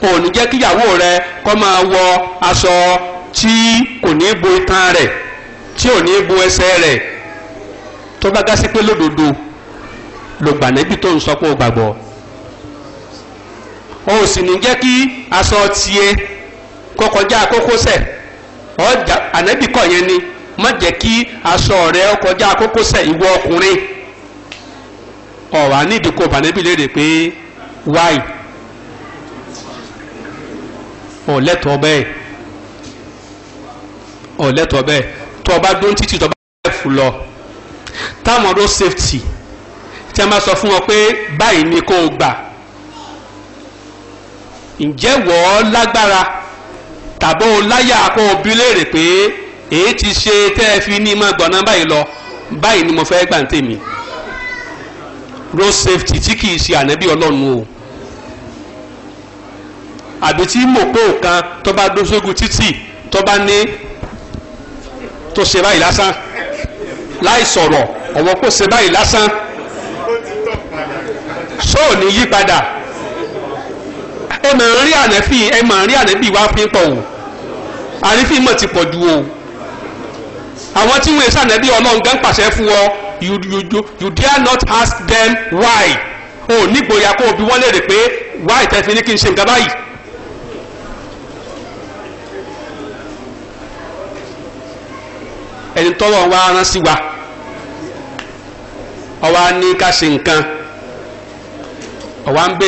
kò ní jẹ́ kíyàwó rẹ kó máa wọ aṣọ tí kò ní bo itan rẹ̀ tí ò ní bo ẹsẹ̀ rẹ̀ tó bá gásí pé lódodo ló gbà níbi tó ń sọ pé ó gbàgbọ́ o sì ní jẹ́ kí aṣọ tiẹ̀ kó kọjá kókósẹ̀ ọjà ànábì yẹn ni má jẹ́ kí aṣọ rẹ kọjá kókósẹ̀ ìwọ ọkùnrin ọ̀rọ̀ ànídìí kò bànábì léèrè pé Y. ọ̀lẹ́tọ̀ bẹ́ẹ̀ ọ̀lẹ́tọ̀ bẹ́ẹ̀ tó o bá dún títí tó o bá bẹ́ẹ̀ fún lọ táwọn road safety tí a máa sọ fún wọn pé báyìí ni kò gbà ǹjẹ́ wọ́ọ́ lágbára tàbó láyà kó o bí léèrè pé èyí ti ṣe tẹ́ ẹ fi ní mọ́ gbọ̀nà báyìí lọ báyìí ni mo fẹ́ gbà ń tèmi road safety tí kì í ṣe ànábì ọlọ́run o àbí tí mòpó kan tó bá dó sógun títì tó bá ní tó ṣe báyìí lásán láì sọ̀rọ̀ ọ̀wọ́ kó ṣe báyìí lásán ṣó ò ní yí padà ẹ mọ̀ rí ànẹ́fì ẹ mọ̀ rí ànẹ́bì wá fi ń pọ̀ o àrífì mọ̀ ti pọ̀ ju o àwọn tí wọ́n ṣe ànẹ́bì ọlọ́run gan pàṣẹ fún ọ you you you you dare not ask them why o nígboyà kó o bí wọ́n lè pé why tẹ́ fi ní kí n ṣe nǹkan báyìí. ẹni tọ́lọ̀ wá rán sí wa ọwọ́ á ní ká ṣe nǹkan ọwọ́ á ń pé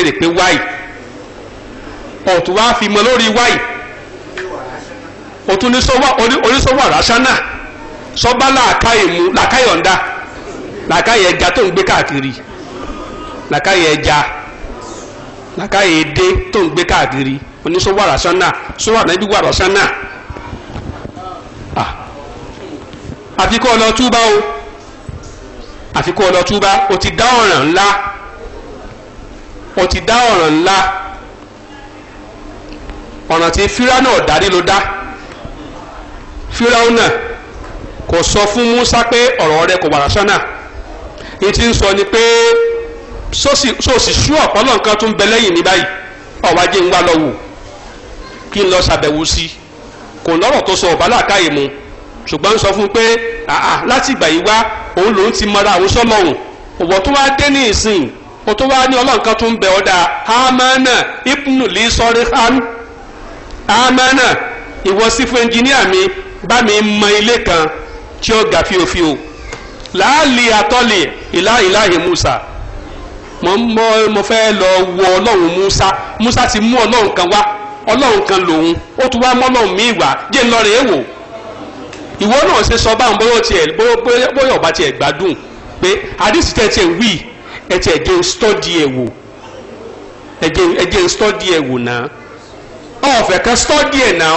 fi mọ lórí wáì òtún oníṣòwò àràṣánà sọ́bà làákàyè mu làákàyè ọ̀ǹda làákàyè ẹja tó ń gbé káàkiri làákàyè ẹja làákàyè èdè tó ń gbé káàkiri àfi kó lọ túbá o àfi kó lọ túbá o ti dá ọ̀ràn ńlá o ti dá ọ̀ràn ńlá ọ̀ràn tí fíráúnà ọ̀dàdé ló dá fíráúnà kò sọ fún Musa pé ọ̀rọ̀ rẹ kò wàrà sánà èyí tí ń sọ ni pé sóòsì sú ọ̀pọ̀lọ̀ nǹkan tó ń bẹ lẹ́yìn mi báyìí ọ̀wá jẹ́ ń wá lọ kí n lọ ṣàbẹ̀wò sí kò lọ́rọ̀ tó sọ ọ̀bálà káyè mu ṣùgbọ́n sọ fún un pé àà láti ìgbà yìí wá òun lòun ti mọra àwọn sọlọ́hún ọ̀wọ́ tó wá dé ní ìsìn o tó wá ní ọlọ́nkan tó ń bẹ ọ́dà amánà ibnu lè sọrí hàn amánà ìwọ sífù ẹnjìníà mi bá mi mọ ilé kan tí ó ga fíofío láàlì àtọ́lì ìláìláì musa mo mo mo fẹ́ lọ wo ọlọ́run musa musa ti mú ọlọ́run kan wá ọlọ́run kan lòun ó tún wá mọ́ ọlọ́run mi wá jẹ́ ńlọrọ̀ èèwọ̀ ìwọ náà ṣe sọ báwọn bóyá tiẹ̀ bóyá ọba tiẹ̀ gbádùn pé àdìsí tẹ̀ tiẹ̀ wí ẹ̀ tiẹ̀ jẹ́ ń stọ́dì ẹ̀ wò ẹ̀ jẹ́ ń stọ́dì ẹ̀ wò náà ọ̀fẹ́ kan stọ́dì ẹ̀ náà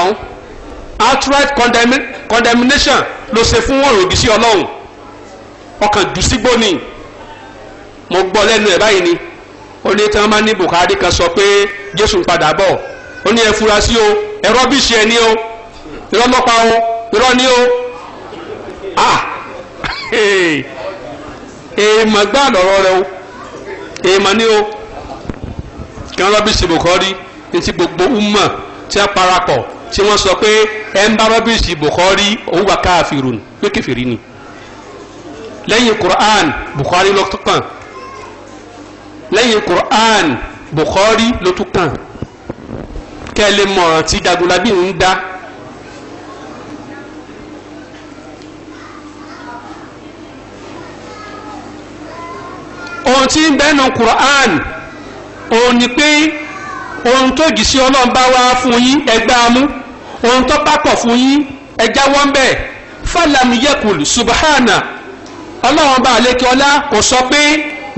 outright condemnation ló ṣe fún òrògì sí ọlọ́run ọkàn dùsígbó ni mo gbọ́ lẹ́nu ẹ̀ báyìí ni ó ní tí wọ́n máa ní Buhari kan sọ pé Jésù ń padà bọ̀ ó ní ẹ fura sí o ẹ rọ́bìṣì ẹ ní o ìrọ́lọ́pàá o irọ́ ni o ah èèmọ̀ gbá lọ́rọ́ rẹ o èèmọ̀ ni o kí wọ́n rọ́bì sí bùkọ́rí etí gbogbo umma tí a parapọ̀ tí wọ́n sọ pé ẹ̀ ń bá rọ́bì sí bùkọ́rí òun wà káàfìrún pé kẹfìrí ni lẹ́yìn Qur'an Bukhari ló tún kàn lẹ́yìn Qur'an Bukhari ló tún kàn kẹ́ ẹ lè mọ̀ ọ̀ràn tí Jagunlabi ń dá ohun tí ń bẹ́nu Quran òun ni ohun tó jì sí ọlọ́run bá wá fún yín ẹgbẹ́ amú ohun tó pápọ̀ fún yín ẹjá wọ́n bẹ̀ fàlàmì yẹkùl subhana ọlọ́run bá àlékè ọlá pé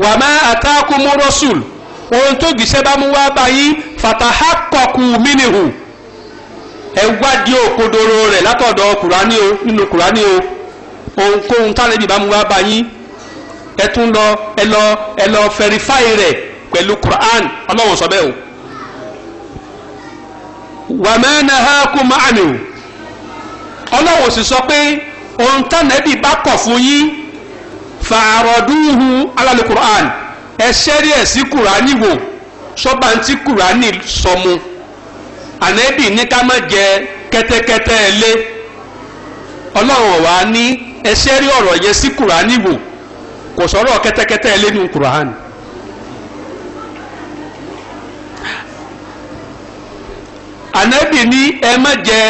wà má àtàkùmú rọ́ṣùl ohun tó bá mú wá bá yín fàtàhà kọ̀kù rẹ̀ látọ̀dọ̀ kùránì o nínú ẹ tún lọ ẹ lọ ẹ lọ fẹrifáì rẹ̀ pẹ̀lú Quran Ọlọ́run sọ bẹ́ẹ̀ o wàmẹ́nà ha kú máàmì o Ọlọ́run sì sọ pé ohun tánẹ́bì bá kọ̀ fún yín fàárọ̀dúnhùn alálẹ̀ Quran ẹ ṣẹ́rí ẹ̀ sí Quran wò sọ́ba ń tí Quran sọmu ànẹ́bì ní ká má jẹ kẹ́tẹ́kẹ́tẹ́ ẹ lé Ọlọ́run wà ní ẹ ṣẹ́rí ọ̀rọ̀ yẹn sí Quran wò. kò sọ̀rọ̀ kẹ́tẹ́kẹ́tẹ́ lẹ́nu Qur'an anabi ní ẹ má jẹ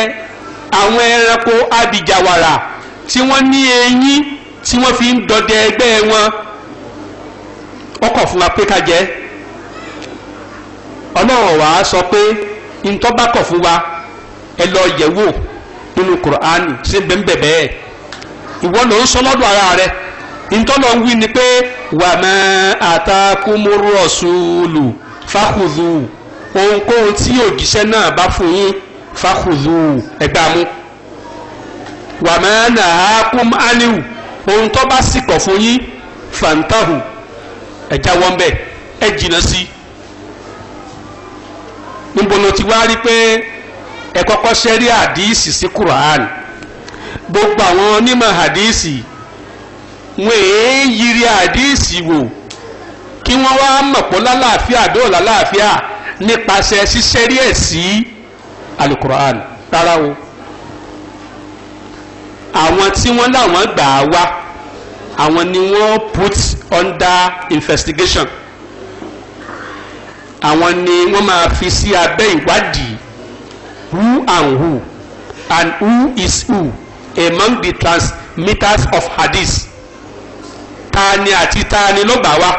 àwọn ẹranko abìjàwàrà tí wọ́n ní eyín tí wọ́n fi ń dọdẹ ẹgbẹ́ wọn ọkọ̀ fún wa pé ká jẹ ọlọ́run wàá sọ pé ntọ́bákọ̀ fún wa ẹ lọ yẹ̀ nínú bẹ́ẹ̀ bẹ́ẹ̀ ìwọ ló ń sọ lọ́dọ̀ ara ntọ́lọ̀ ń wí ni pé wà má àtàkùmọ́rú ọ̀ṣunlù fáhùdù ohunkóhun tí òjíṣẹ́ náà bá fún yín fáhùdù ẹ̀gbàmú wà má nàákùm áníwù ohun tó bá sì kọ̀ fún yín fàǹtàhù ẹ̀já wọn bẹ̀ ẹ̀ jìnnà sí níbo ló ti wá rí pé ẹ kọ́kọ́ ṣẹ́rí àdìsí sí kùrán gbogbo àwọn onímọ̀ àdìsí wọn èé yiri àdíìsì wò kí wọ́n wá mọ̀pọ̀ lálàáfíà dóòlà láàfíà nípasẹ̀ ṣíṣẹ́rí ẹ̀ sí alukur'an rárá o àwọn tí wọ́n láwọn gbà á wá àwọn ni wọ́n put under investigation àwọn ni wọ́n máa fi sí abẹ́ ìwádìí who and who and who is who among the transmitters of hadith taani àti taani ló gbà wá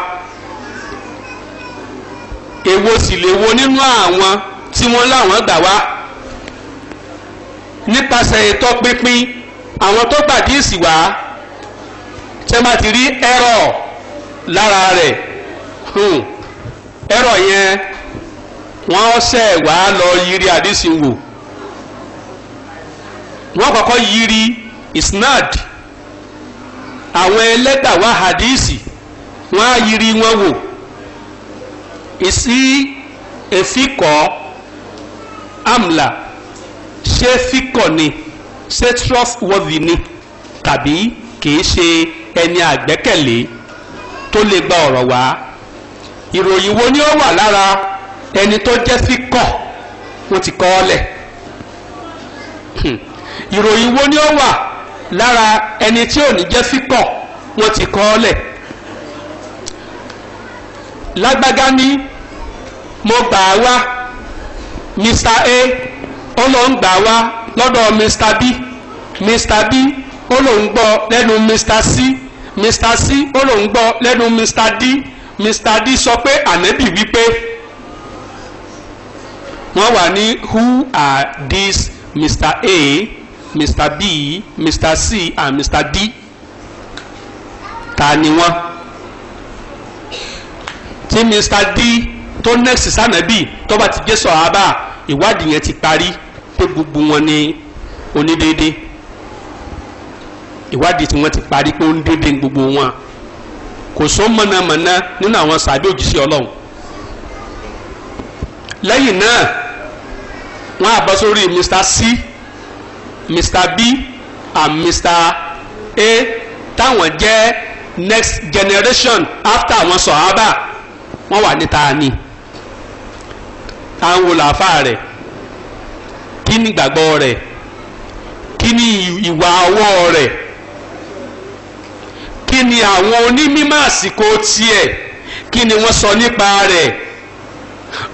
èwo sì lè wo nínú àwọn tí wọ́n láwọn gbà wá nípasẹ̀ ètò pínpín àwọn tó gbà díìsì wá tẹ́ bá ti rí ẹ̀rọ lára rẹ̀ ẹ̀rọ hmm. yẹn wọ́n ṣẹ̀ wá lọ yiri àdìsí wò wọ́n kọ́kọ́ yiri isnad àwọn ẹlẹ́gbà wá hadísì wọ́n á yiri wọn wò ìsí èfikọ́ amla ṣé fikọ́ ni ṣé trustworthy ni tàbí kìí ṣe ẹni àgbẹ́kẹ̀lé tó lè gba ọ̀rọ̀ wá ìròyìn wo ni ó wà lára ẹni tó jẹ́ fikọ́ wọ́n ti kọ́ ọ lẹ̀ hmm. ìròyìn wo ni ó wà lára ẹni tí ò ní jẹ́ sípọ̀ wọ́n ti kọ́ ọ lágbága ní mo gbà á wá mr a ó lọ ń gbà á wá lọ́dọ̀ mr b mr b ó lòún gbọ́ lẹ́nu mr c mr c ó lòún gbọ́ lẹ́nu mr d mr d sọ pé ànẹ́bì wípé wọ́n wà ní who are these mr a mr b mr c and mr d ta ni wọ́n tí mr d tó next sànàbì tó bá ti jẹ́ sọ̀hábà ìwádìí yẹn ti parí pé gbogbo wọn ni onídéédé ìwádìí tí wọ́n ti parí pé onídéédé gbogbo wọn kò só mọ̀nàmọ̀nà nínú àwọn sàbí òjíṣẹ́ ọlọ́run lẹ́yìn náà wọ́n á sórí mr c mr b and mr a táwọn jẹ́ next generation after àwọn sọ̀hábà wọ́n wà níta ni àwọn làáfà rẹ̀ kí ni ìgbàgbọ́ rẹ̀ kí ni ìwà ọwọ́ rẹ̀ kí ni àwọn onímọ̀ àsìkò tiẹ̀ kí ni wọ́n sọ nípa rẹ̀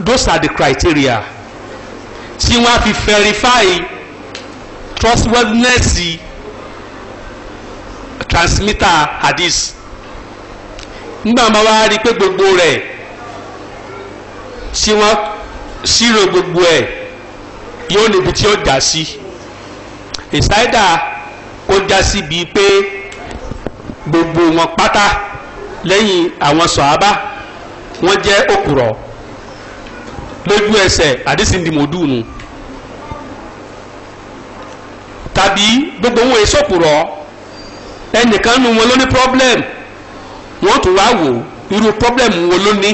those are the criteria tí wọ́n á fi verify trustworthiness transmitter hadith nígbà máa wá rí i pé gbogbo rẹ̀ tí wọ́n ṣírò gbogbo ẹ̀ yóò níbi tí ó já sí ìsáídà kó já sí bíi pé gbogbo wọn pátá lẹ́yìn àwọn sọ̀hábà wọ́n jẹ́ òkùrọ̀ lójú ẹsẹ̀ àdísìndìmọ̀dúnù tàbí gbogbo wọn èso pùrọ̀ ẹnìkan nu wọn ló ní problem wọn tún wá wò irú problem wo ló ní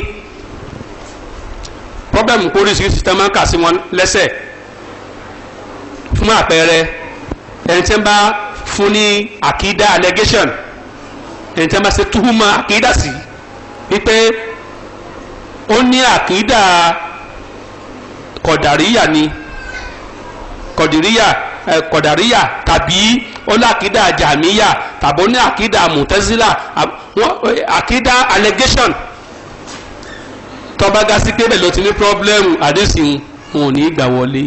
problem oríṣiríṣi tán máa ń kà sí wọn lẹ́sẹ̀ fún àpẹẹrẹ ẹni tí wọn bá fún ní àkídá allegation ẹni tí wọn bá ṣe túhùmọ̀ àkídá sí wípé ó ní àkídá kọ̀dàríyà ni kọ̀dìríyà kọ̀dàríyà tàbí ó ní àkídà jàmíyà tàbí ó àkídà mùtẹ́sílà àkídà allegation tọ́ba ga sí pé bẹ́ẹ̀ ló ti ní pírọ́blẹ́mù àdéhùn wọn ò ní gbà wọlé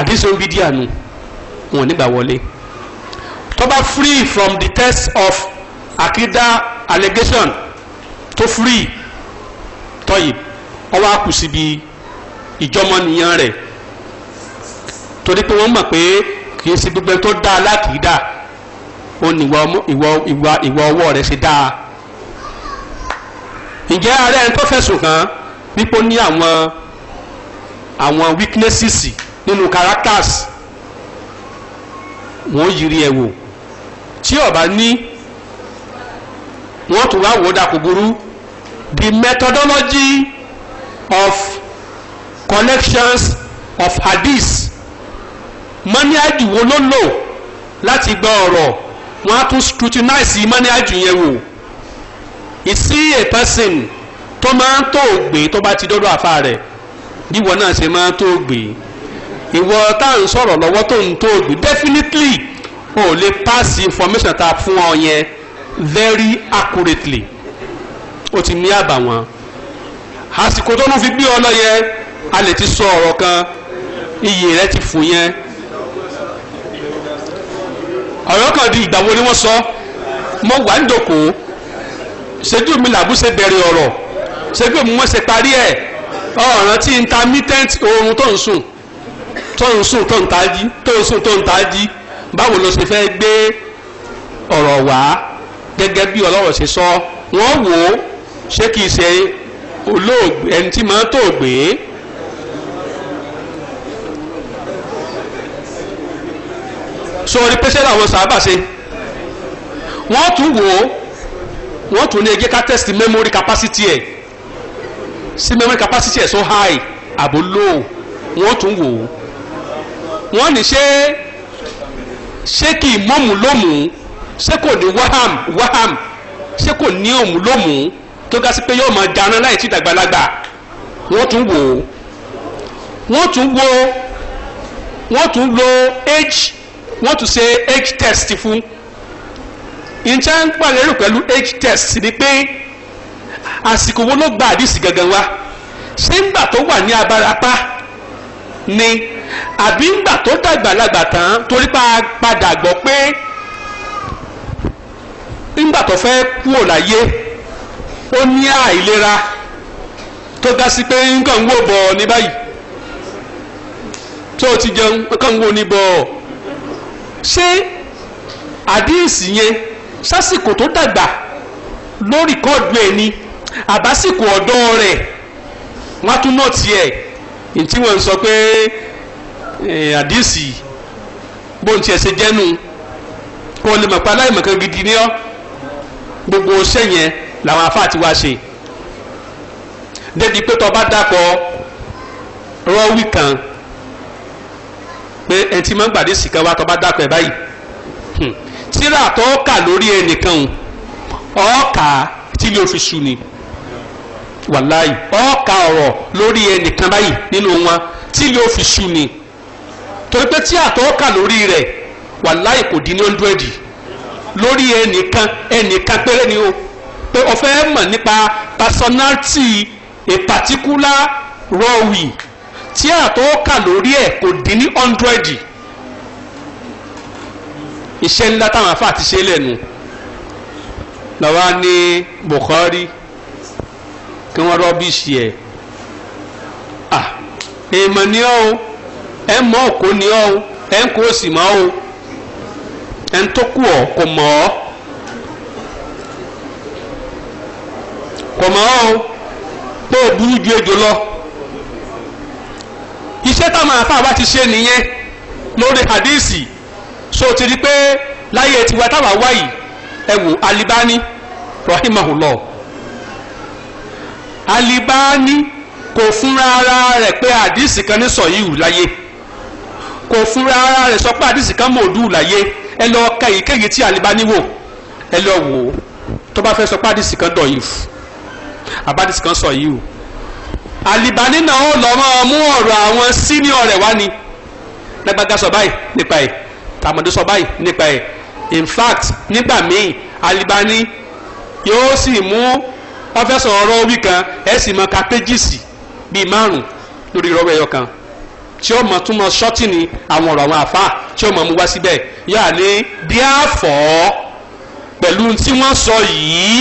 àdéhùn bídíà nù wọn ò ní gbà wọlé tọ́ba free from the test of àkídà allegation tó free tọ́yì ọwọ́ àkùsí bíi ìjọmọ́nìyàn rẹ̀ torí pé wọ́n mọ̀ pé kì í ṣe gbogbo ẹni tó dá alákìídà ó ní ìwà ọwọ́ rẹ̀ ṣe dáa ǹjẹ́ ààrẹ ẹni tó fẹ̀sùn kàn wípé ní àwọn àwọn weaknesses nínú characters wọ́n yiri ẹ̀ wò tí ó bá ní wọ́n tún wá wò dàkúgbúrú the methodology of collections of hadith mọ́níájú wo ló lò láti gbọ́ ọ̀rọ̀ wọ́n á tún scrutinize mọ́níájú yẹn wò ìsí a person tó máa ń tó gbé tó bá ti dọ́dọ̀ àfa rẹ̀ bíwọ náà ṣe máa ń tó gbé ìwọ tá à ń sọ̀rọ̀ lọ́wọ́ tó ń tó gbé definitely o lè pass information tá a fún ọ yẹn very accurately o ti ní àbàwọ́n àsìkò tó ń fi gbé ọ lọ yẹn a lè ti sọ ọ̀rọ̀ kan iyì rẹ ti fún yẹn ọ̀rọ̀ kan di ìgbà wo ni wọ́n sọ mo wà ń dòkòó ṣẹ́jú mi làbú ṣe bẹ̀rẹ̀ ọ̀rọ̀ ṣẹ́jú mi wọ́n ṣe parí ẹ̀ ọ̀ràn tí intermittent oorun tó ń sùn tó ń sùn tó ń tají tó ń sùn tó ń tají báwo ló ṣe fẹ́ gbé ọ̀rọ̀ wá gẹ́gẹ́ bí ọlọ́rọ̀ ṣe sọ wọ́n wò ó ṣé kìí ṣe olóògbé ẹni tí máa tó gbé sọ̀rọ̀ pẹ́sẹ́ làwọn sábà ṣe wọ́n tún wò ó wọ́n tún ní ẹgbẹ́ ká test memory capacity ẹ̀ sí memory capacity ẹ̀ so high àbò low wọ́n tún wò ó wọ́n ní ṣé ṣé kì í mọ́mù lómù ṣé kò ní waham waham ṣé kò ní òmù lómù tó ga sí pé yóò máa dáná láì tí ìdàgbàlagbà wọ́n tún wò ó tún wò ó tún lo age wọ́n tún ṣe age test fún ìjà ń pàlérò pẹ̀lú age test ni pé àsìkò wo ló gba àdìsí gangan wa ṣé ńgbà tó wà ní abarapá ni àbí ńgbà tó dàgbàlagbà tán torí pa padà gbọ́ pé ńgbà tó fẹ́ kúrò láyé ó ní àìlera tó ga sí pé nǹkan ń wò bọ̀ ní báyìí tó ti jẹun nǹkan ń wò ní bọ̀ ọ́ ṣé àdíìsì yẹn sásìkò tó dàgbà ló rìkọ́ọ̀dù ẹ̀ ni àbásìkò ọ̀dọ́ rẹ̀ wọ́n á tún náà tiẹ̀ ntí wọ́n ń sọ pé àdíìsì bóun tiẹ̀ ṣe jẹ́nu kó lè mọ̀ pé aláìmọ̀kan gidi ni ọ́ gbogbo iṣẹ́ yẹn làwọn afá ti wá ṣe débi pé tó dàpọ̀ rọ́wì kan pé ẹni tí máa ń gbàdé sìkà wa tó bá dákọ̀ ẹ̀ báyìí hmm. tíra tó kà lórí ẹnìkan o ọ̀ọ́kà tí ilé òfin su ni wàláì ọ̀ọ́kà ọ̀rọ̀ lórí ẹnìkan báyìí nínú wọn tí ilé òfin su ni torí pé tíra tó kà lórí rẹ̀ wàláì kò dín ní ọ́ndúrẹ́dì lórí ẹnìkan ẹnìkan péré ni o pé o mọ̀ nípa personality a particular raw tí àtọ́ kà lórí ẹ̀ kò dín ní ọ̀ndrẹ́dì iṣẹ́ ńlá táwọn afa ti ṣe lẹ́nu lọ́wọ́ ní Bukhari kí wọ́n rọ́bìṣì ẹ̀ à èèmọ̀ ni ọ́ o ẹ̀ mọ́ òkò ni ọ́ ẹ̀ ń kó o sì mọ́ o ẹ̀ ń tó kù ọ́ kò mọ̀ ọ́ kò mọ̀ ọ́ pé o burú ju ejò lọ iṣẹ́ táwọn àfáà wa ti ṣe nìyẹn lórí hadísì so ti rí pé láyé tiwa táwa wáyì ẹ alibani rahimahullah alibani kò fúnra ara rẹ̀ pé hadísì kan ní sọ̀yìí láyé kò fúnra ara rẹ̀ sọ pé hadísì kan mòdù láyé ẹ lọ ka èyíkéyìí tí alibani wò ẹ lọ wò ó tó bá fẹ́ sọ pé hadísì kan dọ̀ yìí àbádìsì kan sọ yìí o. Alibani náà ó lọ máa mú ọ̀rọ̀ àwọn senior rẹ̀ wá ni lágbága sọ báyìí nípa ẹ̀ tàmọ̀dé sọ báyìí nípa ẹ̀ in fact nígbà míì alibani yóò sì mú ọfẹsọ ọ̀rọ̀ orí kan ẹ sì mọ ka péjìsì bíi márùn lórí ìrọwọ ẹyọ kan tí ó mọ tún mọ ṣọtìní àwọn ọ̀rọ̀ àwọn àfa tí ó mọ mú wá síbẹ̀ yóò ní díàfọ pẹ̀lú tí wọ́n sọ yìí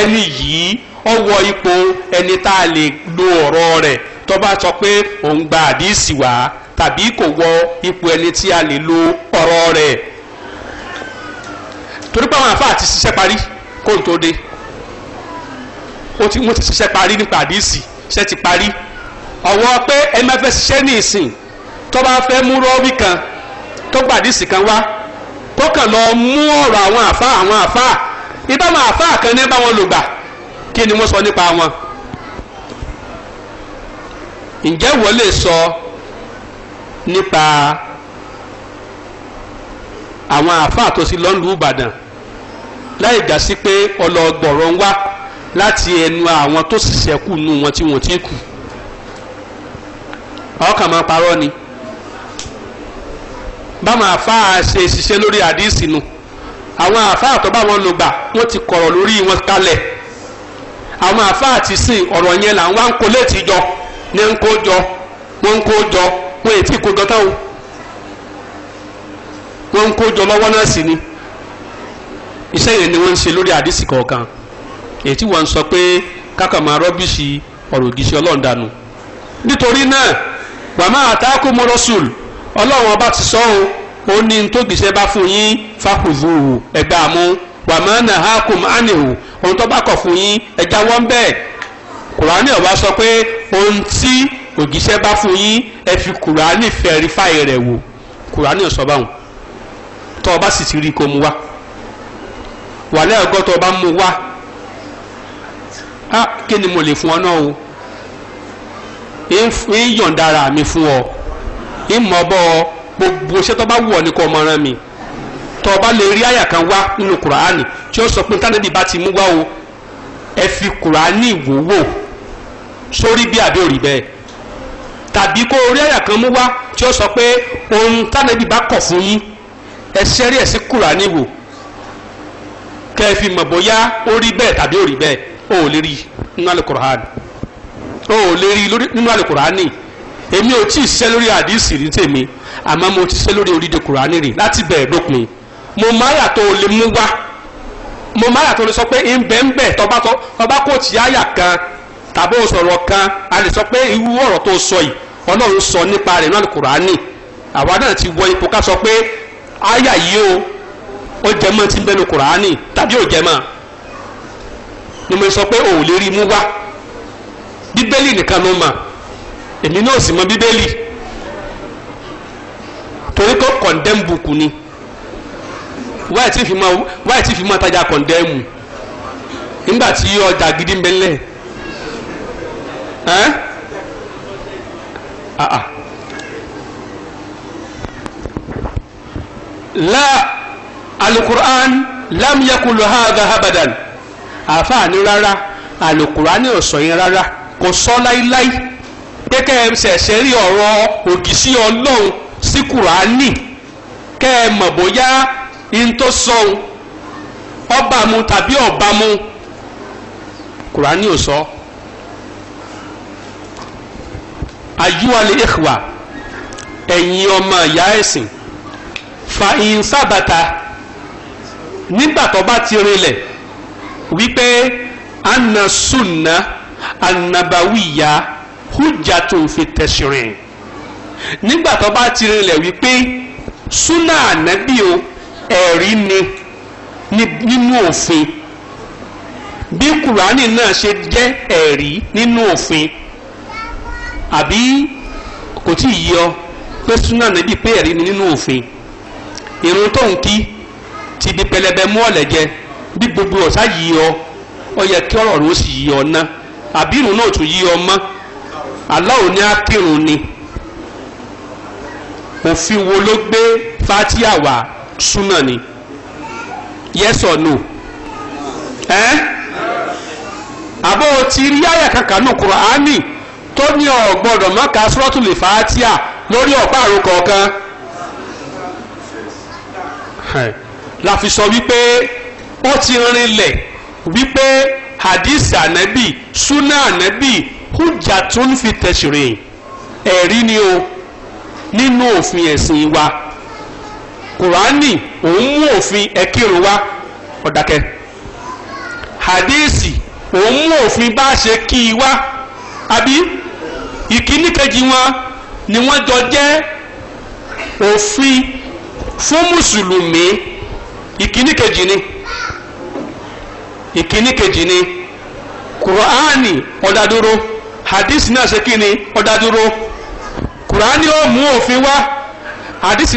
ẹni yìí ó wọ ipò ẹni tá a lè lo ọ̀rọ̀ rẹ̀ tó bá sọ pé òun gba àdíìsì wá tàbí kò wọ ipò ẹni tí a lè lo ọ̀rọ̀ rẹ̀ torí pé àwọn àfáà ti ṣiṣẹ́ parí kó n tó dé wọ́n ti ṣiṣẹ́ parí nípa àdíìsì ṣe ti parí ọ̀wọ́ pé ẹ máa fẹ́ ṣiṣẹ́ ní ìsìn tó bá fẹ́ mú rọ́ọ̀bì kan tó gba àdíìsì kan wá kó kàn lọ mú ọ̀rọ̀ àwọn àfáà àwọn àfáà ibà àwọn àfáà kan ní bá wọn lò gbà kí ni wọ́n sọ nípa wọn ǹjẹ́ wọ́n lè sọ nípa àwọn àáfàá tó sí lọ́ndù Ìbàdàn láì gbà sí pé ọlọ́gbọ̀rọ̀ ń wá láti ẹnu àwọn tó sì ṣẹ́kù nù wọn tí wọ́n ti kù ọkàn máa parọ́ ni báwọn àáfàá ṣe ṣiṣẹ́ lórí àdíìsì nu àwọn àáfàá tó bá wọn lò gbà wọ́n ti kọ̀rọ̀ lórí wọn kalẹ̀. àwọn afa àti sìn ọ̀rọ̀ yẹn là ń wá ń jọ ní ń kó jọ wọ́n ń kó jọ wọ́n èyí tí jọ táwọn wọ́n ń kó jọ lọ́wọ́ náà ni iṣẹ́ yẹn ni wọ́n ń ṣe lórí àdìsí kọ̀ọ̀kan èyí wọ́n ń sọ pé kákan máa rọ́bìṣì ọ̀rọ̀ ògìṣẹ́ ọlọ́run dànù nítorí náà ọlọ́run ọba ti sọ ó ní bá fún yín ohun tó bá kọ̀ fún yín ẹ jáwọ́ ń bẹ́ẹ̀ kùránì ọba sọ pé ohun tí ògìṣẹ́ bá fún yín ẹ fi kùránì fẹ̀rífàì rẹ̀ wò kùránì ọ̀sọ́ báwọn tó o bá sì ti rí kó mu wá wàlẹ́ ọgọ́ tó o mu wá á ah, kí ni mo lè fún ọ náà o ń yọ̀ǹda ara mi fún ọ ń mọ̀ bọ́ ọ gbogbo iṣẹ́ bá wù ọ ní kò mọ̀ràn mi tó bá lè rí àyà kan wá nínú kùránì tí ó sọ pé tánàbí bá ti mú wá o ẹ fi kùránì wò wò sórí bí àbí òrì bẹ́ẹ̀ tàbí kó orí àyà kan mú wá tí ó sọ pé ohun tánàbí bá kọ̀ fún yín ẹ ṣẹ́rí ẹ̀ sí kùránì wò kẹ́ ẹ fi mọ̀ bóyá ó rí bẹ́ẹ̀ tàbí òrì bẹ́ẹ̀ o ò lè rí nínú àlùkùránì o ò lè rí nínú àlùkùránì èmi ò tí ì ṣiṣẹ́ lórí àdìsí ní tèmi àmọ́ mo ti ṣiṣẹ́ lórí oríde kùránì rí láti bẹ̀ẹ̀ dópin. mo máyà tó lè mú wá mo máyà tó lè sọ pé nbẹ̀nbẹ̀ tọba tọ ọba kò tí àyà kan tàbí o sọ̀rọ̀ kan a lè sọ pé irú ọ̀rọ̀ tó sọ yìí ọlọ́run sọ nípa rẹ̀ náà kùránì àwa náà ti wọ ipò ká sọ pé àyà yìí o ó jẹmọ́ ti ń bẹnu kùránì tàbí ò jẹmọ́ ni mo sọ pé o ò lè rí mú wá bíbélì nìkan ló mà èmi náà sì mọ bíbélì torí kò kọ̀ndẹ́mbùkù ni. wáyé tí fi máa wáyé tí fi máa tajà kọ̀ndẹ́mù nígbà tí ọjà gidi ń bẹ lẹ̀ ẹ́n ah, ah. la alukur'an lam yakulu hadha abadan àfààní rárá alukur'an ò sọ yẹn rárá kò sọ láíláí pé kẹ́ ẹ ṣẹ̀ṣẹ̀ rí ọ̀rọ̀ ògì sí ọlọ́run sí kùránì bóyá Into tó obamu ọbàmu obamu kurani kùránì ò le ayúwalẹ̀ ikhwa ẹ̀yin ọmọ ìyá ẹ̀sìn fa in sábàtà nígbà tó bá ti rinlẹ̀ wípé anna sunna annabawiya hujjatun fi tẹ̀sírin nígbà tó bá ti rinlẹ̀ wípé sunna ànábì o ẹ̀rí ni nínú òfin bí kùránì náà ṣe jẹ́ ẹ̀rí nínú òfin àbí kò tí ì yọ pé súnà níbi pé ẹ̀rí ni nínú òfin irun tó ń kí ti di pẹlẹbẹ mú ọ̀lẹ́jẹ bí gbogbo ọ̀sá yìí ọ ọ yẹ kí ọ̀rọ̀ rò sì yí ọ ná àbí irun náà tún yí ọ mọ́ aláwo ní akírun ni òfin wo ló gbé fatia wá súnà ni yes or no ẹ àbọ̀ tí rí àyà kankan nù kùránì tó ní ọ̀gbọ́dọ̀ mọ́ka sọ́tù lè fàátìà lórí ọ̀pá àrùn kọ̀ọ̀kan la fi sọ wípé ó ti rinlẹ̀ wípé hadith anabi sunna anabi hujjatun fi tẹ̀sírìn ẹ̀rí ni o nínú òfin ẹ̀sìn wa kùránì òun mú òfin ẹ̀kírun wá ọ̀dàkẹ́ hadísì òun mú òfin bá ṣe kí i wá àbí ìkíní kejì wọn ni wọ́n jọ jẹ́ òfin fún mùsùlùmí ìkíní ni ìkíní kejì ni kùránì ọ̀dàdúró hadísì náà ṣe kí ni ọ̀dàdúró kùránì ó mú òfin wá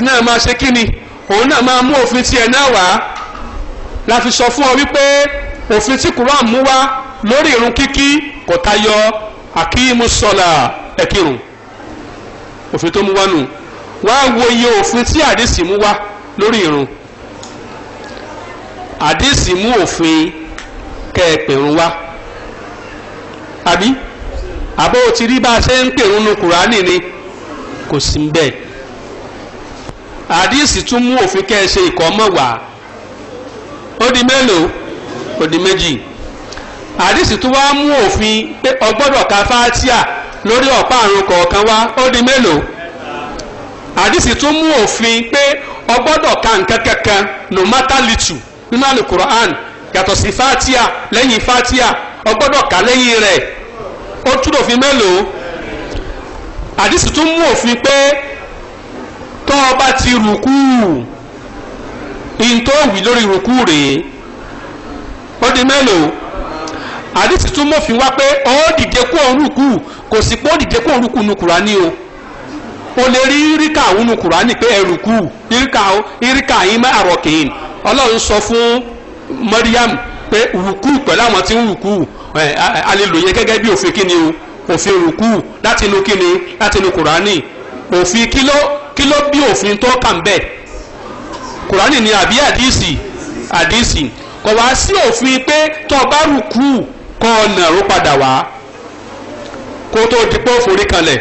náà máa ṣe kí ni òun náà máa mú òfin tiẹ̀ náà wá la fi sọ fún ọ wípé òfin tí Quran mú wá lórí irun kíkí kò tayọ akíyimu sọlá ẹkírun òfin tó mú wá nù wá wo iye òfin tí àdìsí mú wá lórí irun àdìsí mú òfin kẹ́ẹ̀pẹ̀rún wá àbí àbó ti rí bá a ṣe ń pèrún nu ni kò sí ń bẹ́ẹ̀ àdìsí tún mú òfin kẹ́ ẹ ṣe ìkọ́mọ̀ wá ó di mélòó ó di méjì àdìsí tún wá mú òfin pé ọgbọ́dọ̀ ka fátíà lórí ọ̀pá àrùn kọ̀ọ̀kan wá ó di mélòó àdìsí tún mú òfin pé ọgbọ́dọ̀ ka nǹkan kankan no matter little nínú àlùkùránì yàtọ̀ sí fátíà lẹ́yìn fátíà ọgbọ́dọ̀ kà lẹ́yìn rẹ̀ ó tún òfin mélòó àdìsí tún mú òfin pé tó o bá ti rùkú in tó wì lórí rùkú rèé ó di mélòó àdìsí tún mọ̀fin wá pé ó dìde kú òun rùkú kò sí pé ó dìde kú òun rùkú nu kùránì o o lè rí ríkà òun nu kùránì pé ẹrù kù ríkà yín má àrọ̀kìn ọlọ́run sọ fún Mariam pé rùkú pẹ̀lú àwọn tí ń rùkú alèlòye gẹ́gẹ́ bí òfin kíni o òfin rùkú láti inú kíni láti inú kùránì òfin kíló kí ló bí òfin tó kà ń kùránì ni àbí àdìsí àdìsí kò wá sí òfin pé tó bá rùkú kọ́ ọ̀nà ró padà wá kó tó di pé ó forí kanlẹ̀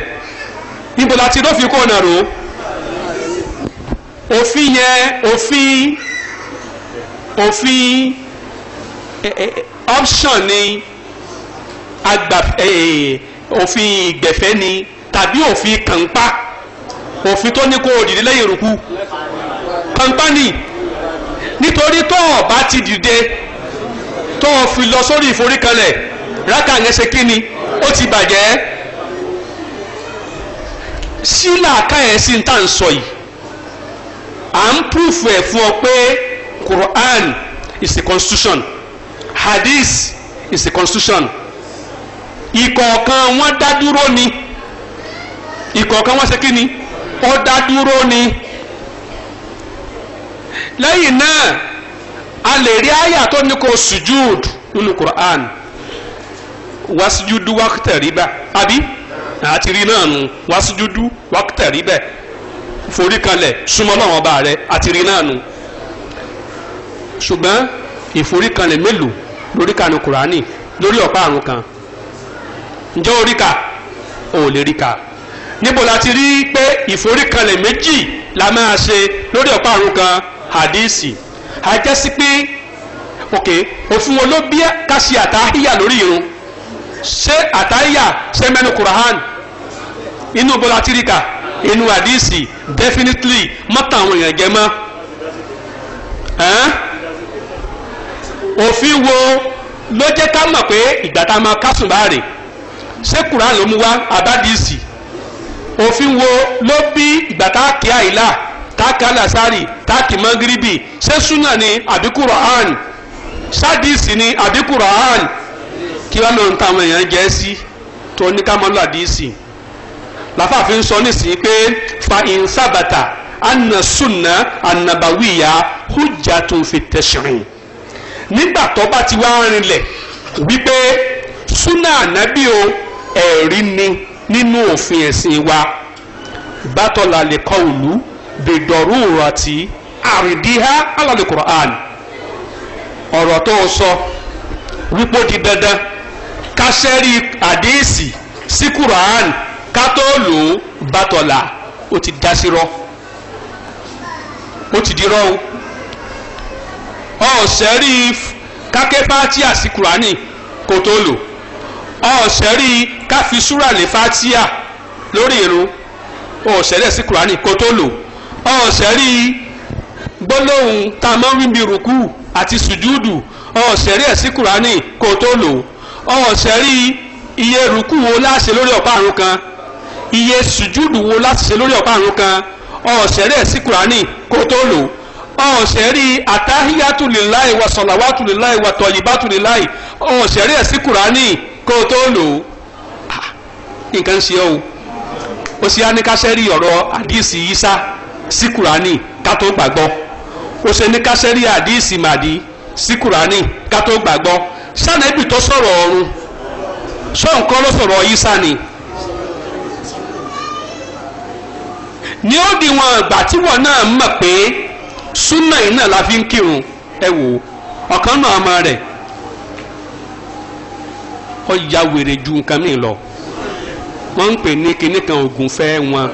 níbo la ti rófin kọ́ ọ̀nà ró òfin yẹn òfin òfin option ni àgbà òfin ìgbẹ̀fẹ́ ni tàbí òfin kànpá òfin tó ní kó o dìde lẹ́yìn ìrùkú kọ́ńpánì nítorí tó o bá ti dìde tó o fi lọ sórí ìforíkanlẹ̀ rákà yẹn ṣe kíni ó ti bàjẹ́ sílà káyẹ̀sí ń tà ń sọ yìí à ń púfù ẹ̀ fún ọ pé Quran is the constitution Hadith is the constitution ìkọ̀ọ̀kan wọn dá dúró ni ìkọ̀ọ̀kan wọn ṣe kíni. ó dá dúró ni lẹ́yìn náà a lè rí àyà tó ní kò sùjúùd nínú Qur'an wàsíjúdú wákìtà rí bẹ́ẹ̀ àbí àti rí náà nù wàsíjúdú wákìtà rí forí kanlẹ̀ súnmọ́ lọ́wọ́ ọba rẹ àti rí náà nù ṣùgbọ́n ìforíkanlẹ̀ mélòó lórí kanu Kùránì lórí ọ̀pá àrùn kan ǹjẹ́ oríkà ò lè ríkà. níbo la ti rí pé ìforíkalẹ̀ méjì la máa ṣe lórí ọ̀pá àrùn kan hadisi àjẹsí pé ok òfin wo ló bí ká ṣe àtàhíyà lórí irun ṣé àtàhíyà ṣe mẹ́nu kurahan inú bọ́lá tìríkà inú hadisi definitely mọ́tà àwọn èèyàn jẹ́ mọ́ òfin wo ló jẹ́ ká mọ̀ pé ìgbà tá a máa kásùn báàrè ṣé kurahan ló mú wá àbádìsì òfin wo ló bí ìgbà tá a kí àìlà tá a kí alásàrì tá a kí mọ́gíríbì ṣé súnà ni àbí Kùránì sádìsì ni àbí Kùránì kí wọ́n ló ń ta àwọn èèyàn jẹ́ sí tó ní ká mọ́lú àdìsì làfààfin sọ nísìnyí pé fa ìnsábàtà anna sunna annabawiya hujjatun fi tashrin nígbà tó bá ti wá rinlẹ̀ wípé súnà ànábì o ẹ̀rí ni nínú òfin ẹ̀sìn wa bátọ̀lá lè kọ́ òlú bèdọ̀rú ìrántí àrídíhá alálẹ̀ Qur'an ọ̀rọ̀ tó o sọ wípé ó di dandan ká àdéhìsì sí Qur'an ká tó lò ó bátọ̀lá ti dá sí rọ́ ó ti di rọ́ o ọ̀sẹ̀rí kákẹ́ pátí àsìkùránì kò tó ọ̀sẹ̀rí káfí súrà lè fatia lórí irun ọ̀sẹ̀rí ẹ̀sìn kùránì kó tó lò ọ̀sẹ̀rí gbólóhùn tá a máa ń wíbi rùkú àti sùjúdù ọ̀sẹ̀rí ẹ̀sìn kùránì kó tó lò ọ̀sẹ̀rí iye rùkú wo láṣẹ lórí ọ̀pá àrùn kan iye sùjúdù wo láti ṣe lórí ọ̀pá àrùn kan ọ̀sẹ̀rí ẹ̀sìn kùránì kó tó lò ọ̀sẹ̀rí àtàhíyàtùlélàì wàsọ̀làwàtùlélàì wàtọ̀yìbàtùlélàì ọ̀sẹ̀rí ẹ̀sìn kùránì kó o tó lò ó nǹkan ṣe ọ́ o ó sì á ní ká sẹ́rí ọ̀rọ̀ àdìsí Isa sí Kùránì ká tó gbàgbọ́ ó ṣe ní ká sẹ́rí àdìsí màdí sí Kùránì ká tó gbàgbọ́ sànẹ́bì tó sọ̀rọ̀ ọ̀run sọ nǹkan ló sọ̀rọ̀ Isa ni ní ó di wọn ìgbà tí wọn náà mọ̀ pé súnà yìí náà la fi ń kírun ẹ wò ọ̀kan náà ọmọ rẹ̀ ọ ya wèrè ju nǹkan mi lọ wọ́n ń pè ní kinní kan ògùn fẹ́ wọn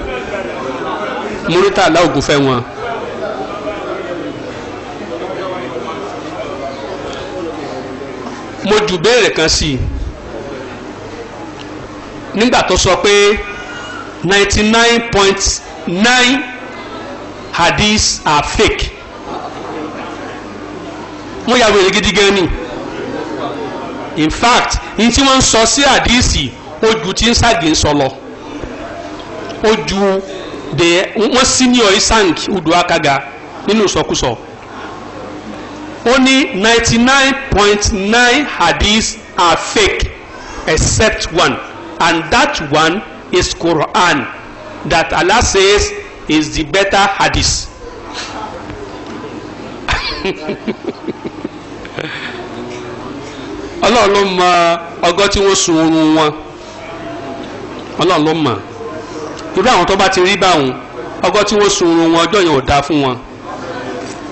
Muritala ògùn fẹ́ wọn. mo ju béèrè kan sí nígbà tó sọ pé ninety nine point nine hadiths are fake wọ́n ya wèrè gidi gan ni in fact ní tí sọ sí àdìsí ojú tí ń ságé ń ojú de wọ́n sí ní ọ̀rí sank odò akaga nínú ìsọkúsọ ó ní ninety nine point nine hadith are fake except one and that one is Quran that Allah says is the better hadith. ọlọ́run ló mọ ọgọ́ tí wọ́n sun oorun wọn ọlọ́run ló mọ irú àwọn tó bá ti rí báwọn ọgọ́ tí wọ́n sun oorun wọn ọjọ́ yẹn ò dáa fún wọn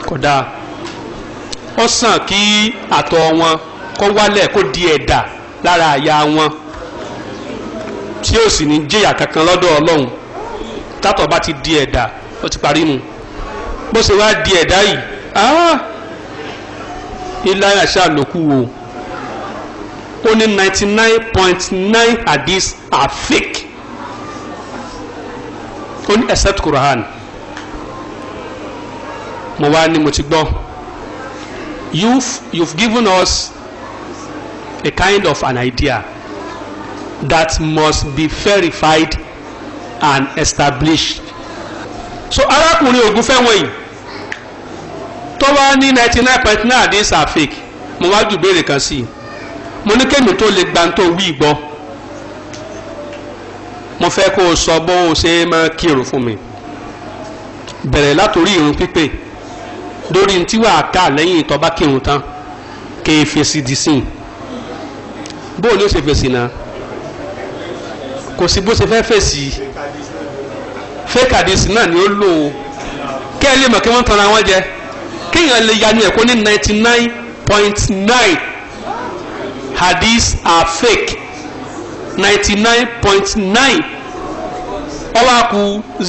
kò dáa ó sàn kí àtọ̀ wọn kó wálẹ̀ kó di ẹ̀dà lára àyà wọn tí ó sì ní jìyà kankan lọ́dọ̀ ọlọ́run tátọ̀ bá ti di ẹ̀dà ó ti parí mu bó ṣe wá di ẹ̀dá yìí ah! ilá àṣà lòkù o. Only 99.9 ninety nine are fake ó ní except Quran mo wá ní mo ti gbọ́ you've you've given us a kind of an idea that must be verified and established so arákùnrin ògùn fẹ́wọ̀n yìí tó wá ní ninety nine are fake. àdéhùn sàfẹ́kì mo wá jù béèrè kan sí i mo ní kémi tó lè gba tó wí gbọ́ mo fẹ́ kó o sọ bó o ṣe máa kírun fún mi bẹ̀rẹ̀ látòrí irun pípé lórí tí wàá kà lẹ́yìn tó bá kírun tán kè é fèsì dìsìn bó o ní o ṣe fèsì náà kò sí bó ṣe fẹ́ fèsì fake náà ni ó lò ó kẹ́ ẹ lè mọ̀ kí wọ́n tanra wọn jẹ kéèyàn lè yanu ẹ̀kọ́ ní ninety nine point nine hadiths are fake ninety nine point nine ọlọ́kù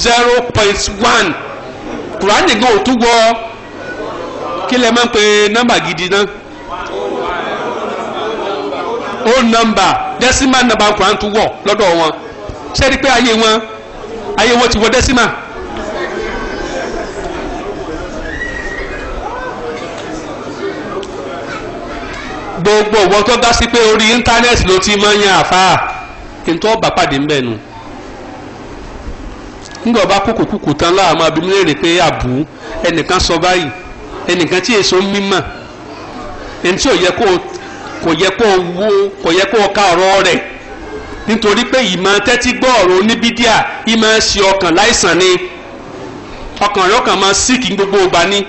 zero point one kùránì gan ò tún kí lè máa pe nọ́mbà gidi náà ó number. dẹ́símà number kùránì tún wọ̀ lọ́dọ̀ wọn ṣé ẹ rí pé ayé wọn ayé wọn ti wọ dẹ́símà. gbogbo ọgbọ tó sí pé orí íńtánẹ́ẹ̀tì ló ti mọ́ yan àfáà kí n tó bà pàdé ńbẹ̀ nu nígbà ọba kúkúkú tán pé àbú ẹnìkan sọ báyìí ẹnìkan tí èso mímọ̀ ẹni tí kò yẹ kó wo kò yẹ kó ka nítorí pé oníbídíà ṣe ọkàn láìsàn gbogbo ọba ni.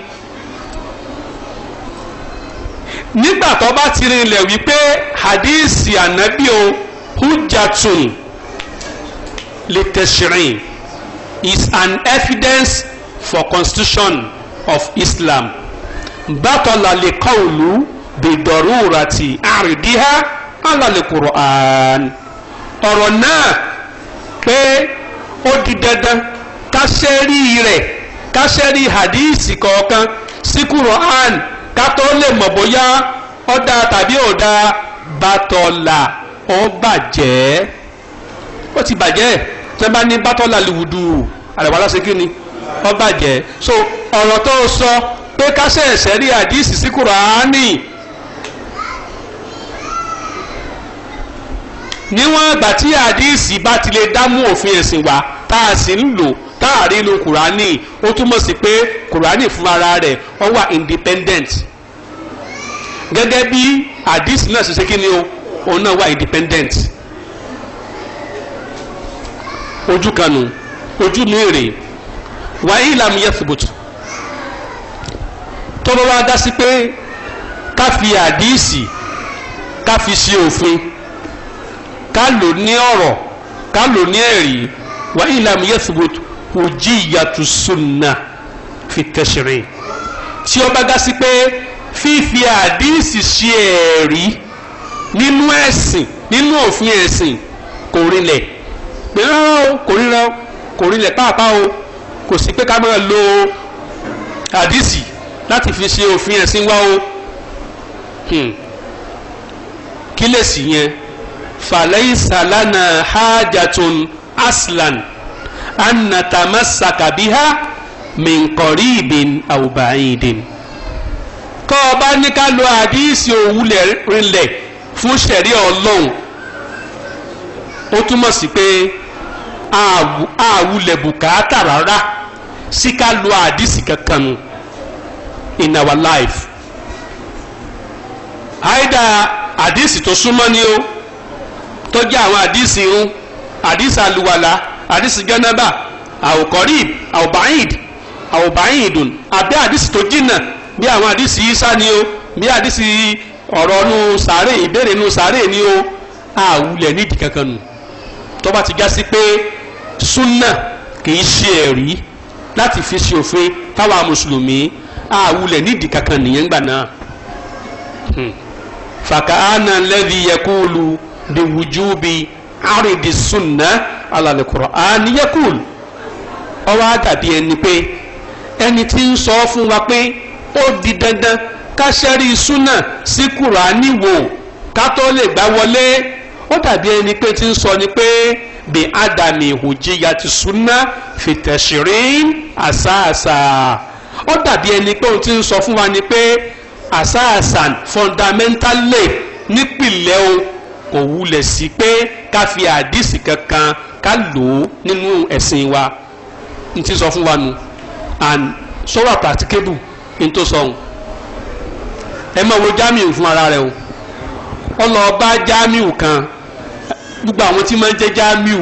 nígbà tó bá ti rinlẹ̀ wípé hadisi ànábì o hujjatun li tashri' is an evidence for constitution of Islam bátọ̀là lè kọ́ òlu bìdọ̀rúurati àrídíhá alàlẹ́ Qur'an ọ̀rọ̀ náà pé ó di dandan ká ṣẹ́rí rẹ̀ ká ṣẹ́rí hadisi kọ̀ọ̀kan sí Qur'an. Si kátó lè mọ̀ bóyá ọ̀dà tàbí ọ̀dà bàtọ̀là ó bàjẹ́ ó ti bàjẹ́ tẹ́ bá ní bàtọ̀là lùwùdù àlẹ́wàlá ṣe kí ni ó so ọ̀rọ̀ tó sọ pé kásẹ̀ ẹ̀sẹ̀ rí àdìsí sí kùránì níwọ̀n ìgbà tí àdìsí bá ti lè dámú òfin ẹ̀sìn wa tá a sì ń lò táàrí inú kùránì ó túmọ̀ sí pé kùránì fún ara rẹ̀ ó wà independent gẹ́gẹ́ bí àdìs náà ṣe ṣe kí ni o òun náà wà independent ojú kanu ojú mi rè wáyé ìlànà yẹ fìbùtù tó bá wá dá sí pé ká fi àdìsì ká fi ṣe òfin ká lò ní ọ̀rọ̀ ká lò ní ẹ̀rí wáyé ìlànà yẹ fìbùtù ojiyatu sunna fi tẹ̀sírì tí ó bá dá sí pé fífi àdíìsì ṣe ẹ̀rí nínú ẹ̀sìn nínú òfin ẹ̀sìn kò rinlẹ̀ pé kò rinlẹ̀ kò rinlẹ̀ pàápàá o kò sí pé ká máa lo àdíìsì láti fi ṣe òfin ẹ̀sìn wa o hmm. kílèsì yẹn fàlẹ́ ìsàlánà hajjatun aslan anatamasaka biha min qaribin aw ba'idin kọ́ ọ bá ní ká lo àdíìsì òwúlẹ̀ rinlẹ̀ fún ṣẹ̀rí ọlọ́run ó túmọ̀ sí pé àwùlẹ̀ bùkátà rárá sí ká lo àdíìsì kankan nù in our life àìdá àdíìsì tó súnmọ́ ni ó tó àwọn àdíìsì irun àdíìsì àlùwàlà àdìsí jẹnẹba àwòkọrìb àwòbáyìd àwòbáyìdùn àbí àdìsí tó jìnnà bí àwọn àdìsí isa ni o bí àdìsí ọ̀rọ̀ nu sàárè ìbéèrè nu sàárè ni o àwùlẹ̀ nídìí kankan nù tó bá ti já sí pé súnà kìí ṣe ẹ̀rí láti fi ṣe òfin táwa mùsùlùmí àwùlẹ̀ nídìí kankan nìyẹn gbà náà fàkàánà lẹ́dí yẹ kó lu dèwùjú bíi àrídìí súnà alàlẹ́ kọ̀rọ̀ àníyẹ́kùn ọwọ́ àdàbí ẹni pé ẹni tí ń sọ fún wa pé ó di dandan ká ṣẹ́rí súnà sí kùránì wò ká lè gbá wọlé ó dàbí ẹni pé tí ń sọ ni pé bí ádámì ìhùjìyà ti súnà fìtẹ̀sírín àsáàsà ó dàbí ẹni pé òun ti ń sọ fún wa ni pé àsáàsà fundamentally nípìnlẹ̀ o kò wulẹ̀ sí pé ká fi àdìsí kankan ká lò ó nínú ẹ̀sìn wa n ti sọ fún wa nu and sọ́wọ́ practicable n tó sọ̀hún ẹ máa wo jamiu fún ara rẹ o ọ lọ bá jamiu kan gbogbo àwọn tí máa ń jẹ́ jamiu